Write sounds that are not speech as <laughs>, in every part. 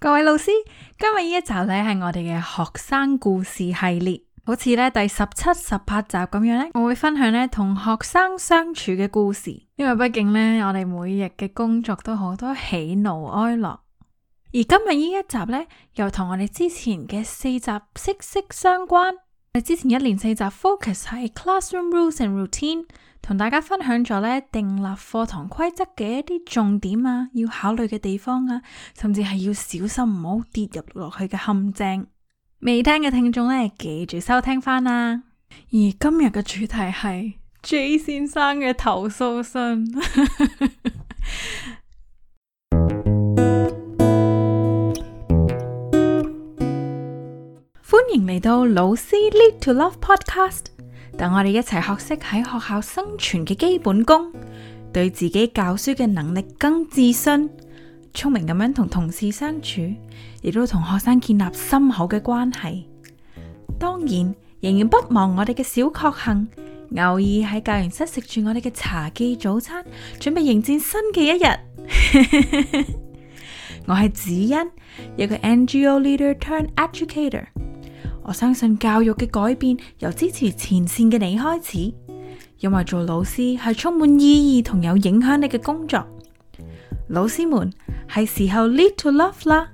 各位老師，今日呢一集呢係我哋嘅學生故事系列，好似呢第十七、十八集咁樣呢，我會分享呢同學生相處嘅故事，因為畢竟呢，我哋每日嘅工作都好多喜怒哀樂，而今日呢一集呢，又同我哋之前嘅四集息息相關。之前一連四集 focus 係 classroom rules and routine，同大家分享咗呢訂立課堂規則嘅一啲重點啊，要考慮嘅地方啊，甚至係要小心唔好跌入落去嘅陷阱。未聽嘅聽眾呢，記住收聽翻啦。而今日嘅主題係 J 先生嘅投訴信。 <laughs> 嚟到老師 Lead to Love Podcast，等我哋一齊學識喺學校生存嘅基本功，對自己教書嘅能力更自信，聰明咁樣同同事相處，亦都同學生建立深厚嘅關係。當然，仍然不忘我哋嘅小確幸，偶爾喺教員室食住我哋嘅茶記早餐，準備迎戰新嘅一日。 <laughs> 我係子欣，一個 NGO leader turn educator。我相信教育嘅改變由支持前線嘅你開始，因為做老師係充滿意義同有影響力嘅工作。老師們係時候 lead to love 啦。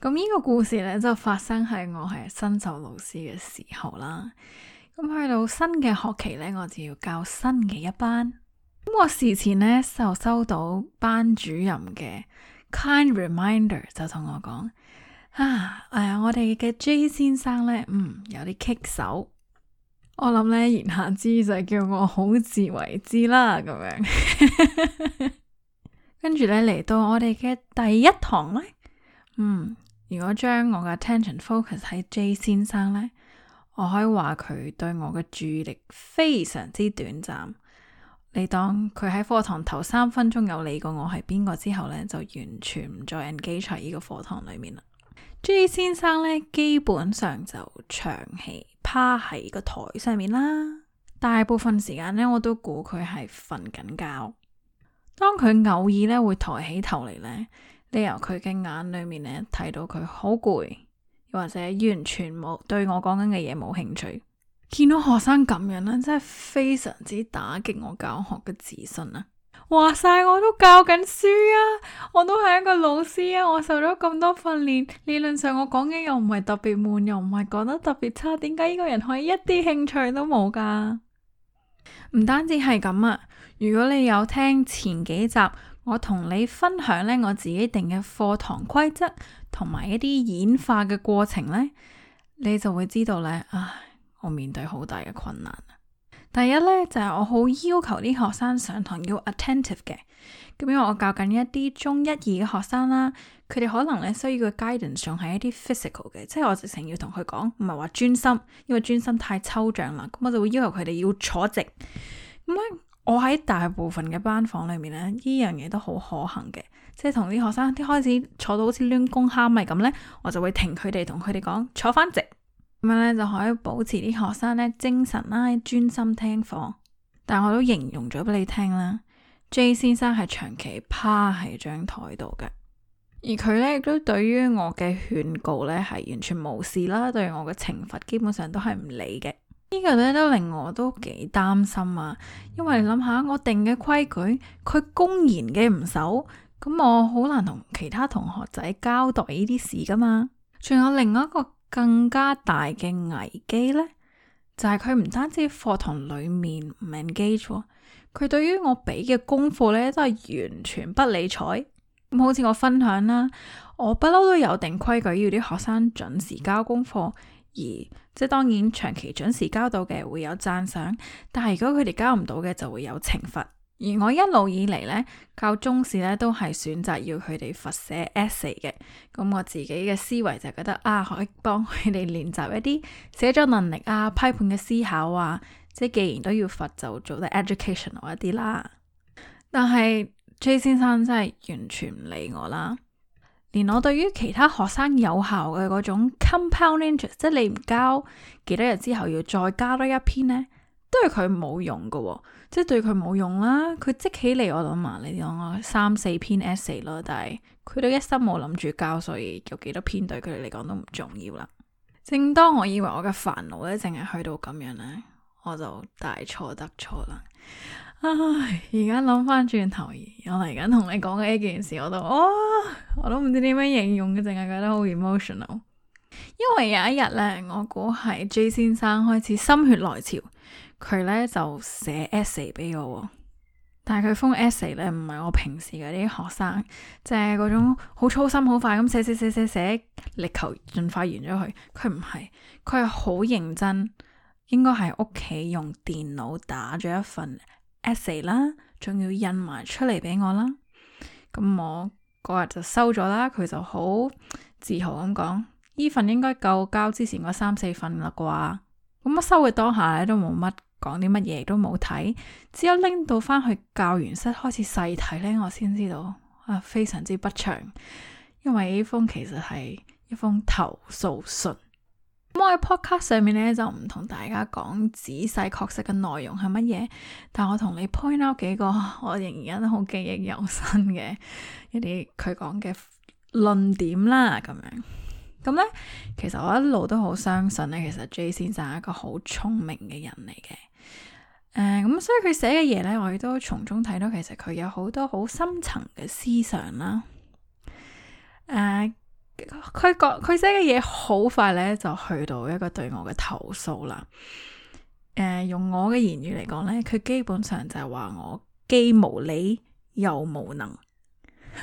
咁呢個故事咧就發生喺我係新手老師嘅時候啦。咁去到新嘅學期咧，我就要教新嘅一班。咁、嗯、我事前呢，就收到班主任嘅 kind reminder，就同我講啊，哎呀，我哋嘅 J 先生呢，嗯，有啲棘手。我諗呢，言下之意就係叫我好自為之啦，咁樣。跟 <laughs> 住呢，嚟到我哋嘅第一堂呢，嗯，如果將我嘅 attention focus 喺 J 先生呢，我可以話佢對我嘅注意力非常之短暫。你當佢喺課堂頭三分鐘有理過我係邊個，之後呢，就完全唔再 engage 喺呢個課堂裏面啦。J 先生呢，基本上就長期趴喺個台上面啦。大部分時間呢，我都估佢係瞓緊覺。當佢偶爾呢，會抬起頭嚟，呢，你由佢嘅眼裏面呢，睇到佢好攰，又或者完全冇對我講緊嘅嘢冇興趣。見到學生咁樣咧，真係非常之打擊我教學嘅自信啊！話晒我都教緊書啊，我都係一個老師啊，我受咗咁多訓練，理論上我講嘅又唔係特別悶，又唔係講得特別差，點解呢個人可以一啲興趣都冇噶？唔單止係咁啊！如果你有聽前幾集，我同你分享呢我自己定嘅課堂規則同埋一啲演化嘅過程呢，你就會知道呢。啊！我面對好大嘅困難。第一呢，就係我好要求啲學生上堂要 attentive 嘅，咁因為我教緊一啲中一二嘅學生啦，佢哋可能呢需要嘅 guidance 仲係一啲 physical 嘅，即係我直情要同佢講，唔係話專心，因為專心太抽象啦，咁我就會要求佢哋要坐直。咁咧我喺大部分嘅班房裏面呢，呢樣嘢都好可行嘅，即係同啲學生啲開始坐到好似攣弓蝦米咁呢，我就會停佢哋同佢哋講坐翻直。咁樣咧就可以保持啲學生咧精神啦，專心聽課。但我都形容咗俾你聽啦，J 先生係長期趴喺張台度嘅，而佢咧亦都對於我嘅勸告咧係完全無視啦，對我嘅懲罰基本上都係唔理嘅。這個、呢個咧都令我都幾擔心啊，因為諗下我定嘅規矩，佢公然嘅唔守，咁我好難同其他同學仔交代呢啲事噶嘛。仲有另外一個。更加大嘅危機呢，就係佢唔單止課堂裏面唔 engage，佢對於我俾嘅功課呢，都係完全不理睬。嗯，好似我分享啦，我不嬲都有定規矩，要啲學生準時交功課，而即係當然長期準時交到嘅會有讚賞，但係如果佢哋交唔到嘅就會有懲罰。而我一路以嚟呢，教中史呢都係選擇要佢哋罰寫 essay 嘅，咁我自己嘅思維就覺得啊，可以幫佢哋練習一啲寫作能力啊、批判嘅思考啊，即係既然都要罰，就做得 educational 一啲啦。但係 J 先生真係完全唔理我啦，連我對於其他學生有效嘅嗰種 compound interest，即係你唔交幾多日之後要再加多一篇呢。對佢冇用噶、哦，即係對佢冇用啦。佢積起嚟，我諗啊，你講我三四篇 essay 咯，但係佢都一心冇諗住交，所以有幾多篇對佢哋嚟講都唔重要啦。正當我以為我嘅煩惱咧，淨係去到咁樣咧，我就大錯特錯啦。唉，而家諗翻轉頭，我嚟緊同你講嘅一件事，我都，哦、我都唔知點樣形容嘅，淨係覺得好 emotional。因為有一日咧，我估係 J 先生開始心血來潮。佢咧就寫 essay 俾我，但係佢封 essay 咧唔係我平時嗰啲學生，即係嗰種好粗心寫，好快咁寫寫寫寫寫，力求盡快完咗佢。佢唔係，佢係好認真，應該係屋企用電腦打咗一份 essay 啦，仲要印埋出嚟俾我啦。咁我嗰日就收咗啦，佢就好自豪咁講：呢份應該夠交之前嗰三四份啦啩。咁我收嘅當下咧都冇乜。講啲乜嘢都冇睇，只有拎到翻去教員室開始細睇呢我先知道啊，非常之不祥，因為呢封其實係一封投訴信。咁我喺 podcast 上面呢，就唔同大家講仔細確實嘅內容係乜嘢，但我同你 point out 幾個我仍然都好記憶猶新嘅一啲佢講嘅論點啦，咁樣。咁呢，其實我一路都好相信呢，其實 J 先生係一個好聰明嘅人嚟嘅。誒，咁、uh, 嗯、所以佢寫嘅嘢咧，我亦都從中睇到，其實佢有好多好深層嘅思想啦。誒、uh,，佢講佢寫嘅嘢好快咧，就去到一個對我嘅投訴啦。誒、uh,，用我嘅言語嚟講咧，佢基本上就係話我既無理又無能。 <laughs>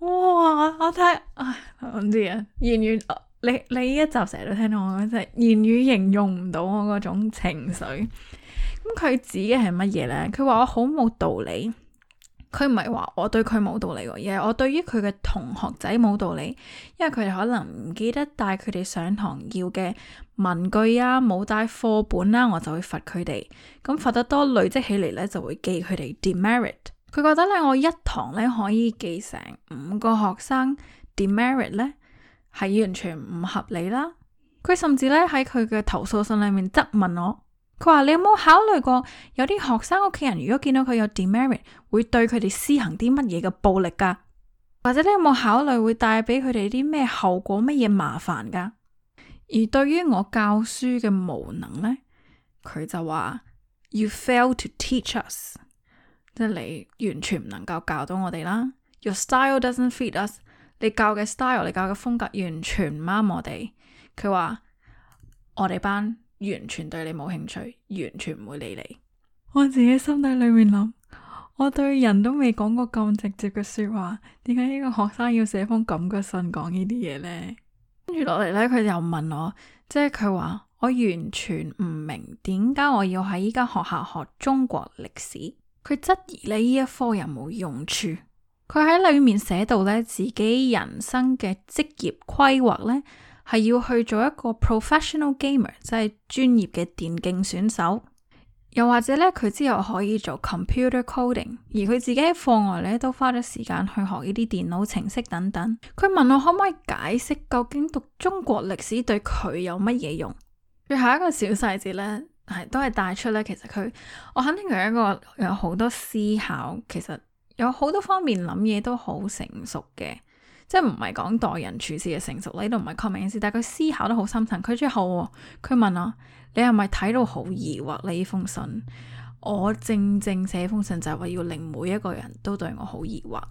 哇！我睇，唉，唔知呀，言語。你你一集成日都聽到我講即係言語形容唔到我嗰種情緒，咁佢指嘅係乜嘢呢？佢話我好冇道理，佢唔係話我對佢冇道理喎，而係我對於佢嘅同學仔冇道理，因為佢哋可能唔記得帶佢哋上堂要嘅文具啊，冇帶課本啦、啊，我就會罰佢哋，咁罰得多累積起嚟呢，就會記佢哋 demerit。佢覺得咧我一堂咧可以記成五個學生 demerit 呢。係完全唔合理啦！佢甚至咧喺佢嘅投訴信裏面質問我，佢話，你有冇考慮過有啲學生屋企人如果見到佢有 demerit，會對佢哋施行啲乜嘢嘅暴力噶？或者你有冇考慮會帶俾佢哋啲咩後果、乜嘢麻煩噶？而對於我教書嘅無能呢，佢就話 You fail to teach us，即係你完全唔能夠教到我哋啦。Your style doesn't feed us。你教嘅 style，你教嘅風格完全唔啱我哋。佢話我哋班完全對你冇興趣，完全唔會理你。我自己心底裏面諗，我對人都未講過咁直接嘅說話，點解呢個學生要寫封咁嘅信講呢啲嘢呢？跟住落嚟呢，佢又問我，即係佢話我完全唔明點解我要喺依間學校學中國歷史。佢質疑你呢一科有冇用處。佢喺裏面寫到呢，自己人生嘅職業規劃呢，係要去做一個 professional gamer，即係專業嘅電競選手，又或者呢，佢之後可以做 computer coding。而佢自己喺課外呢，都花咗時間去學呢啲電腦程式等等。佢問我可唔可以解釋究竟讀中國歷史對佢有乜嘢用。最後一個小細節呢，係都係帶出呢，其實佢我肯定有一個有好多思考，其實。有好多方面諗嘢都好成熟嘅，即係唔係講待人處事嘅成熟，呢度唔係 comment 嘅事，但係佢思考得好深層。佢最後佢，哦，問我：你係咪睇到好疑惑呢封信？我正正寫封信就係話要令每一個人都對我好疑惑。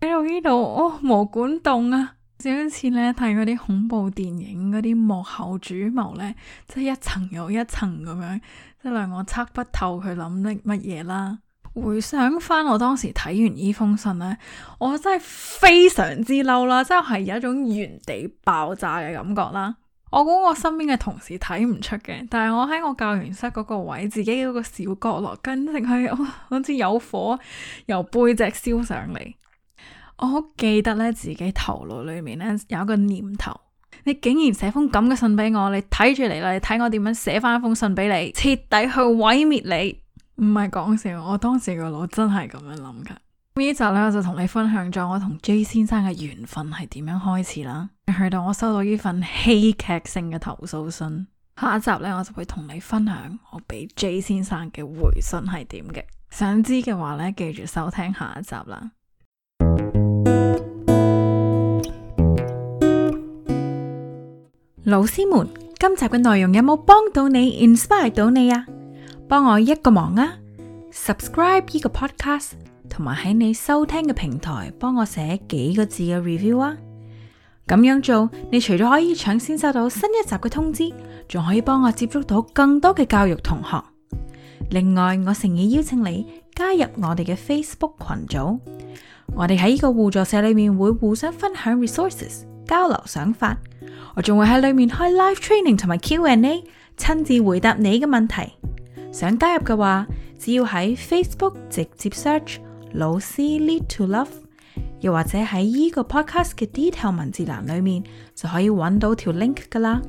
睇到呢度，哦，毛管動啊！就好似咧睇嗰啲恐怖電影嗰啲幕後主謀咧，即係一層又一層咁樣，即係令我測不透佢諗啲乜嘢啦。回想翻我當時睇完呢封信呢，我真係非常之嬲啦，真係有一種原地爆炸嘅感覺啦。我估我身邊嘅同事睇唔出嘅，但係我喺我教員室嗰個位，自己嗰個小角落，簡直係好似有火由背脊燒上嚟。我好記得呢，自己頭腦裏面呢有一個念頭，你竟然寫封咁嘅信俾我，你睇住嚟啦，你睇我點樣寫翻封信俾你，徹底去毀滅你。唔係講笑，我當時個腦真係咁樣諗噶。呢 <laughs> 集呢，我就同你分享咗我同 J 先生嘅緣分係點樣開始啦。去到我收到呢份戲劇性嘅投訴信，下一集呢，我就會同你分享我俾 J 先生嘅回信係點嘅。想知嘅話呢，記住收聽下一集啦。老師們，今集嘅內容有冇幫到你、inspire 到你啊？幫我一個忙啊！subscribe 呢個 podcast，同埋喺你收聽嘅平台幫我寫幾個字嘅 review 啊。咁樣做，你除咗可以搶先收到新一集嘅通知，仲可以幫我接觸到更多嘅教育同學。另外，我誠意邀請你加入我哋嘅 Facebook 群組。我哋喺呢個互助社裏面會互相分享 resources，交流想法。我仲會喺裏面開 live training 同埋 Q&A，親自回答你嘅問題。想加入嘅話，只要喺 Facebook 直接 search 老師 lead to love，又或者喺呢個 podcast 嘅 detail 文字欄裏面，就可以揾到條 link 噶啦。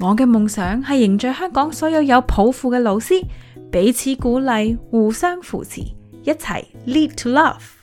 我嘅夢想係凝聚香港所有有抱負嘅老師，彼此鼓勵，互相扶持，一齊 lead to love。